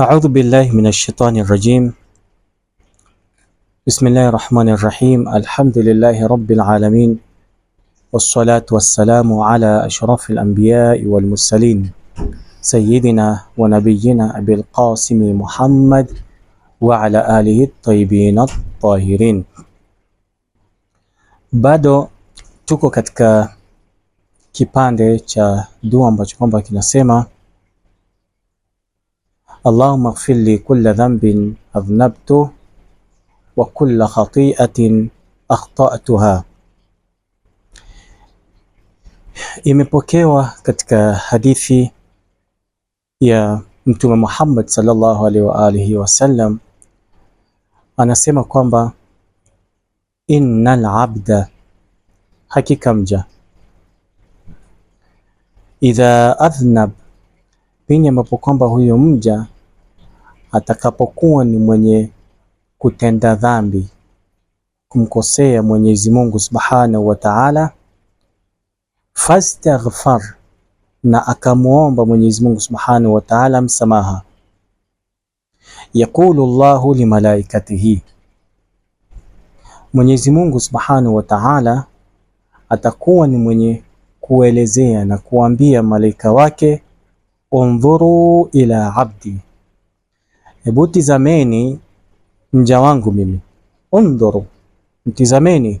أعوذ بالله من الشيطان الرجيم بسم الله الرحمن الرحيم الحمد لله رب العالمين والصلاة والسلام على أشرف الأنبياء والمرسلين سيدنا ونبينا أبي القاسم محمد وعلى آله الطيبين الطاهرين بعد تكو katika kipande cha dua ambacho kwamba kinasema اللهم اغفر لي كل ذنب أذنبته وكل خطيئة أخطأتها. Imepokewa katika hadithi ya Mtume Muhammad sallallahu alaihi wa alihi wasallam anasema kwamba innal abda, hakika mja idha adhnab, pindi ambapo kwamba huyo mja atakapokuwa ni mwenye kutenda dhambi kumkosea Mwenyezi Mungu Subhanahu wa Ta'ala, fastaghfar, na akamuomba Mwenyezi Mungu Subhanahu wa Ta'ala msamaha. Yaqulu Allahu limalaikatihi, Mwenyezi Mungu Subhanahu wa Ta'ala atakuwa ni mwenye kuelezea na kuambia malaika wake, undhuru ila abdi Hebu tizameni mja wangu mimi, undhuru, mtizameni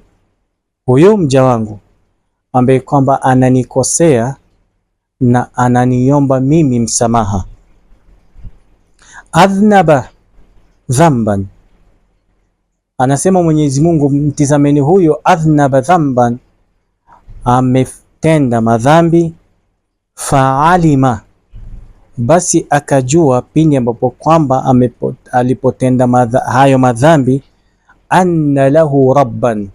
huyu mja wangu ambaye kwamba ananikosea na ananiomba mimi msamaha. Adhnaba dhamban, anasema Mwenyezi Mungu, mtizameni huyo adhnaba dhamban, ametenda madhambi. Faalima basi akajua pindi ambapo kwamba alipotenda madha, hayo madhambi anna lahu rabban,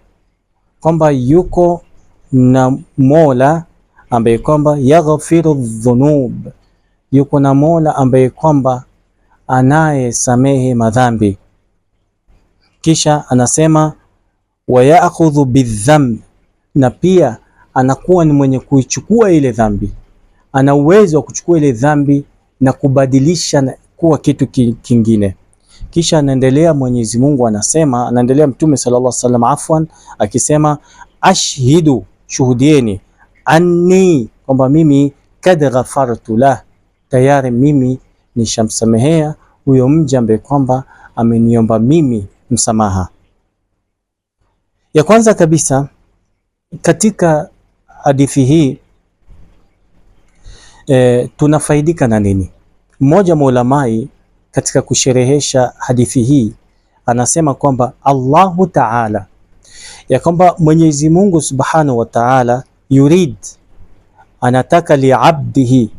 kwamba yuko na mola ambaye kwamba yaghfiru dhunub, yuko na mola ambaye kwamba anayesamehe madhambi. Kisha anasema wayakhudhu bidhambi, na pia anakuwa ni mwenye kuichukua ile dhambi, ana uwezo wa kuchukua ile dhambi na kubadilisha na kuwa kitu kingine. Kisha anaendelea Mwenyezi Mungu anasema, anaendelea Mtume sallallahu alaihi wasallam afwan, akisema ashhidu, shuhudieni, anni, kwamba mimi kad ghafartu lah, tayari mimi nishamsamehea huyo mja ambaye kwamba ameniomba mimi msamaha. Ya kwanza kabisa katika hadithi hii e, tunafaidika na nini? Mmoja wa katika kusherehesha hadithi hii anasema kwamba Allahu Taala, ya kwamba Mwenyezi Mungu Subhanahu wa Taala yurid, anataka liabdihi,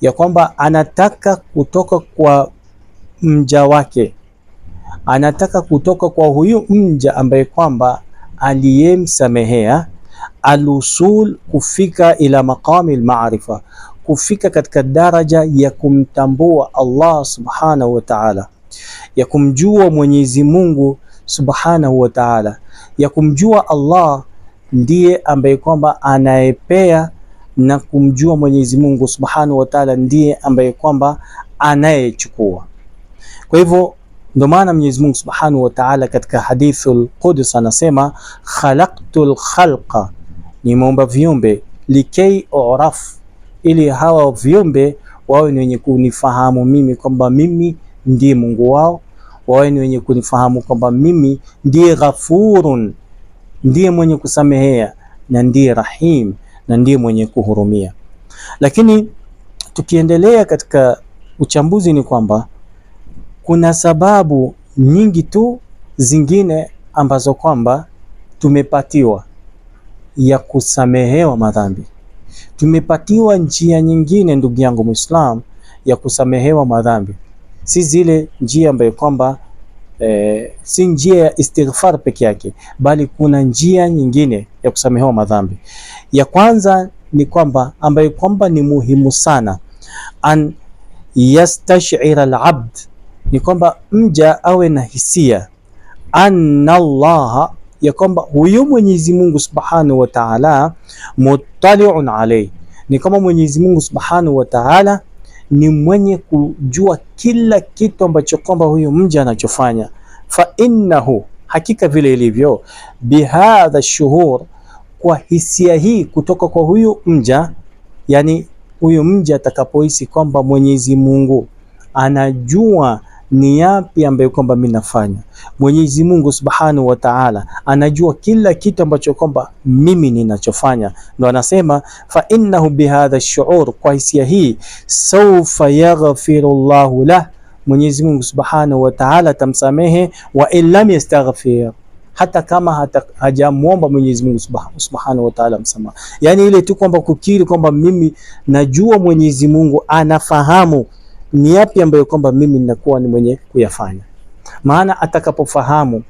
ya kwamba anataka kutoka kwa mja wake, anataka kutoka kwa huyu mja ambaye kwamba aliyemsamehea alusul kufika ila maqami almaarifa, kufika katika daraja ya kumtambua Allah subhanahu wa ta'ala, ya kumjua Mwenyezi Mungu subhanahu wa ta'ala, ya kumjua Allah ndiye ambaye kwamba anayepea na kumjua Mwenyezi Mungu subhanahu wa ta'ala ndiye ambaye kwamba anayechukua. Kwa hivyo ndio maana Mwenyezi Mungu Subhanahu wa Ta'ala katika hadithul Qudus anasema khalaqtul khalqa, nimeumba viumbe likay uraf, ili hawa viumbe wawe ni wenye kunifahamu mimi kwamba mimi ndiye Mungu wao, wawe ni wenye kunifahamu kwamba mimi ndiye Ghafurun, ndiye mwenye kusamehea na ndiye Rahim, na ndiye mwenye kuhurumia. Lakini tukiendelea katika uchambuzi ni kwamba kuna sababu nyingi tu zingine ambazo kwamba tumepatiwa ya kusamehewa madhambi. Tumepatiwa njia nyingine, ndugu yangu Muislam, ya kusamehewa madhambi, si zile njia ambayo kwamba e, si njia ya istighfar peke yake, bali kuna njia nyingine ya kusamehewa madhambi. Ya kwanza ni kwamba ambayo kwamba ni muhimu sana, an yastashira alabd ni kwamba mja awe na hisia anna Allah ya kwamba huyo Mwenyezi Mungu Subhanahu wa Ta'ala, muttali'un alayhi, ni kama Mwenyezi Mungu Subhanahu wa Ta'ala ni mwenye kujua kila kitu ambacho kwamba huyo mja anachofanya. Fa innahu, hakika vile ilivyo, bihadha shuhur, kwa hisia hii kutoka kwa huyu mja, yani huyu mja atakapohisi kwamba Mwenyezi Mungu anajua ni yapi ambayo kwamba mimi nafanya. Mwenyezi Mungu Subhanahu wa Ta'ala anajua kila kitu ambacho kwamba mimi ninachofanya, ndo anasema fa innahu bihadha shuur, kwa hisia hii saufa yaghfiru llahu lah, Mwenyezi Mungu Subhanahu wa Ta'ala atamsamehe wa in lam yastaghfir hata kama hajamwomba Mwenyezi Mungu Subhanahu wa Ta'ala msamaha. Yani ile tu kwamba kukiri kwamba mimi najua Mwenyezi Mungu anafahamu ni yapi ambayo kwamba mimi ninakuwa ni mwenye kuyafanya, maana atakapofahamu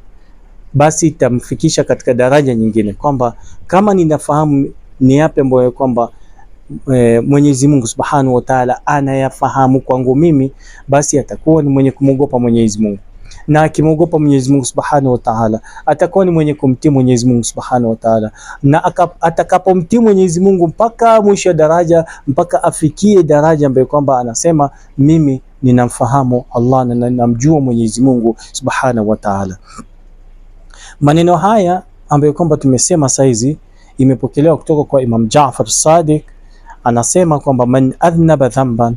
basi itamfikisha katika daraja nyingine, kwamba kama ninafahamu ni yapi ambayo kwamba e, Mwenyezi Mungu Subhanahu wa Ta'ala anayafahamu kwangu mimi, basi atakuwa ni mwenye kumwogopa Mwenyezi Mungu na akimwogopa Mwenyezi Mungu Subhanahu wa Ta'ala, atakuwa ni mwenye kumtii Mwenyezi Mungu Subhanahu wa Ta'ala, na atakapomtii Mwenyezi Mungu mpaka mwisho wa daraja, mpaka afikie daraja ambayo kwamba anasema mimi ninamfahamu Allah na ninamjua Mwenyezi Mungu Subhanahu wa Ta'ala. Maneno haya ambayo kwamba tumesema saizi imepokelewa kutoka kwa Imam Jaafar Sadiq, anasema kwamba man adhnaba dhanban,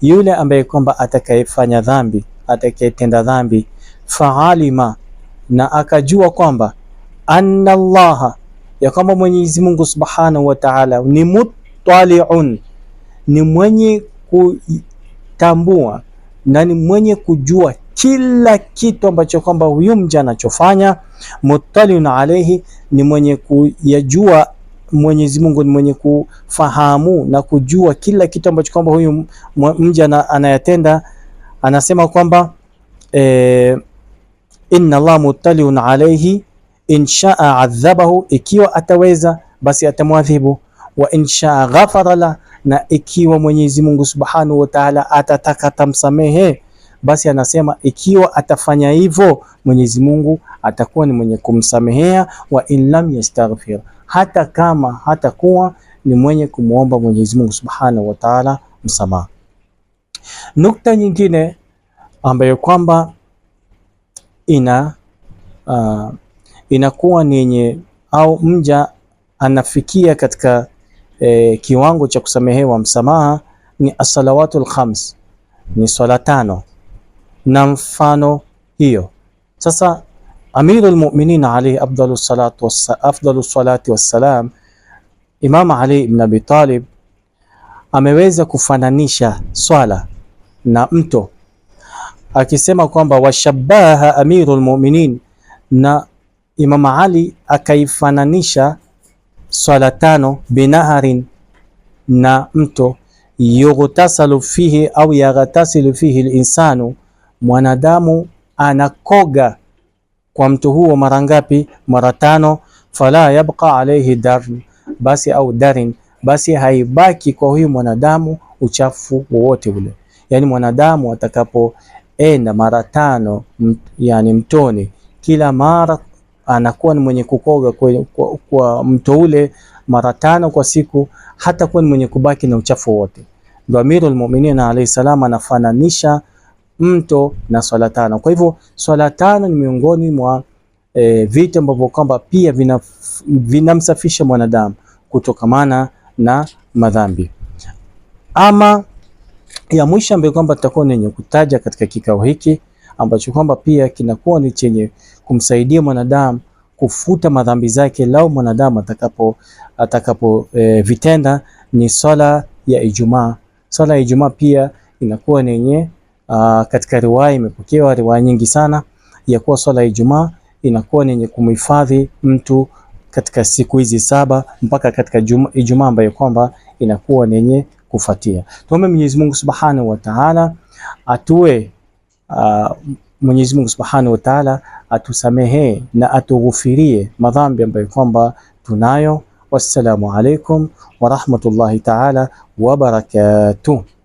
yule ambaye kwamba atakayefanya dhambi atakayetenda dhambi faalima, na akajua kwamba anna Allaha, ya kwamba Mwenyezi Mungu Subhanahu wa Ta'ala ni mutaliun ni mwenye kutambua na ni mwenye kujua kila kitu ambacho kwamba huyu mja anachofanya. Muttaliun alayhi, ni mwenye kuyajua Mwenyezi Mungu ni mwenye kufahamu na kujua kila kitu ambacho kwamba huyu mja anayatenda. Anasema kwamba eh, inna Allah muttaliun alayhi inshaa adhabahu, ikiwa ataweza basi atamwadhibu, wa inshaa ghafara la, na ikiwa Mwenyezi Mungu Subhanahu wa Ta'ala atataka tamsamehe, basi anasema ikiwa atafanya hivyo Mwenyezi Mungu atakuwa ni mwenye kumsamehea, wa in lam yastaghfir, hata kama hatakuwa ni mwenye kumwomba Mwenyezi Mungu Subhanahu wa Ta'ala msamaha. Nukta nyingine ambayo kwamba ina uh, inakuwa ni yenye au mja anafikia katika eh, kiwango cha kusamehewa msamaha ni asalawatul khams, ni swala tano na mfano hiyo. Sasa Amirul Mu'minin Ali afdalu salatu was afdalu salati wassalam, Imam Ali ibn Abi Talib ameweza kufananisha swala na mto akisema kwamba washabaha amirul mu'minin, na Imam Ali akaifananisha swala tano binaharin, na mto yughtasalu fihi au yaghtasilu fihi linsanu, mwanadamu anakoga kwa mto huo mara ngapi? Mara tano. Fala yabqa alayhi darn, basi au darin, basi haibaki kwa huyu mwanadamu uchafu wowote ule, yani mwanadamu atakapo enda mara tano mt, yani mtoni kila mara anakuwa ni mwenye kukoga kwa, kwa, kwa mto ule mara tano kwa siku, hata kuwa ni mwenye kubaki na uchafu wote. Ndio Amirul Mu'minin alayhi salam anafananisha mto na swala tano. Kwa hivyo swala tano ni miongoni mwa e, vitu ambavyo kwamba pia vinamsafisha vina mwanadamu kutokamana na madhambi ama ya mwisho ambayo kwamba tutakuwa nenye kutaja katika kikao hiki ambacho kwamba pia kinakuwa ni chenye kumsaidia mwanadamu kufuta madhambi zake lao mwanadamu atakapo atakapo e, vitenda ni swala ya Ijumaa. Swala ya Ijumaa pia inakuwa nenye yenye katika riwaya, imepokewa riwaya nyingi sana ya kuwa swala ya Ijumaa inakuwa nenye kumhifadhi mtu katika siku hizi saba mpaka katika Ijumaa ambayo kwamba inakuwa nenye kufuatia. Tuombe Mwenyezi Mungu Subhanahu wa Ta'ala atue uh, Mwenyezi Mungu Subhanahu wa Ta'ala atusamehe na atughufirie madhambi ambayo kwamba tunayo. Wassalamu alaikum wa rahmatullahi ta'ala wa barakatuh.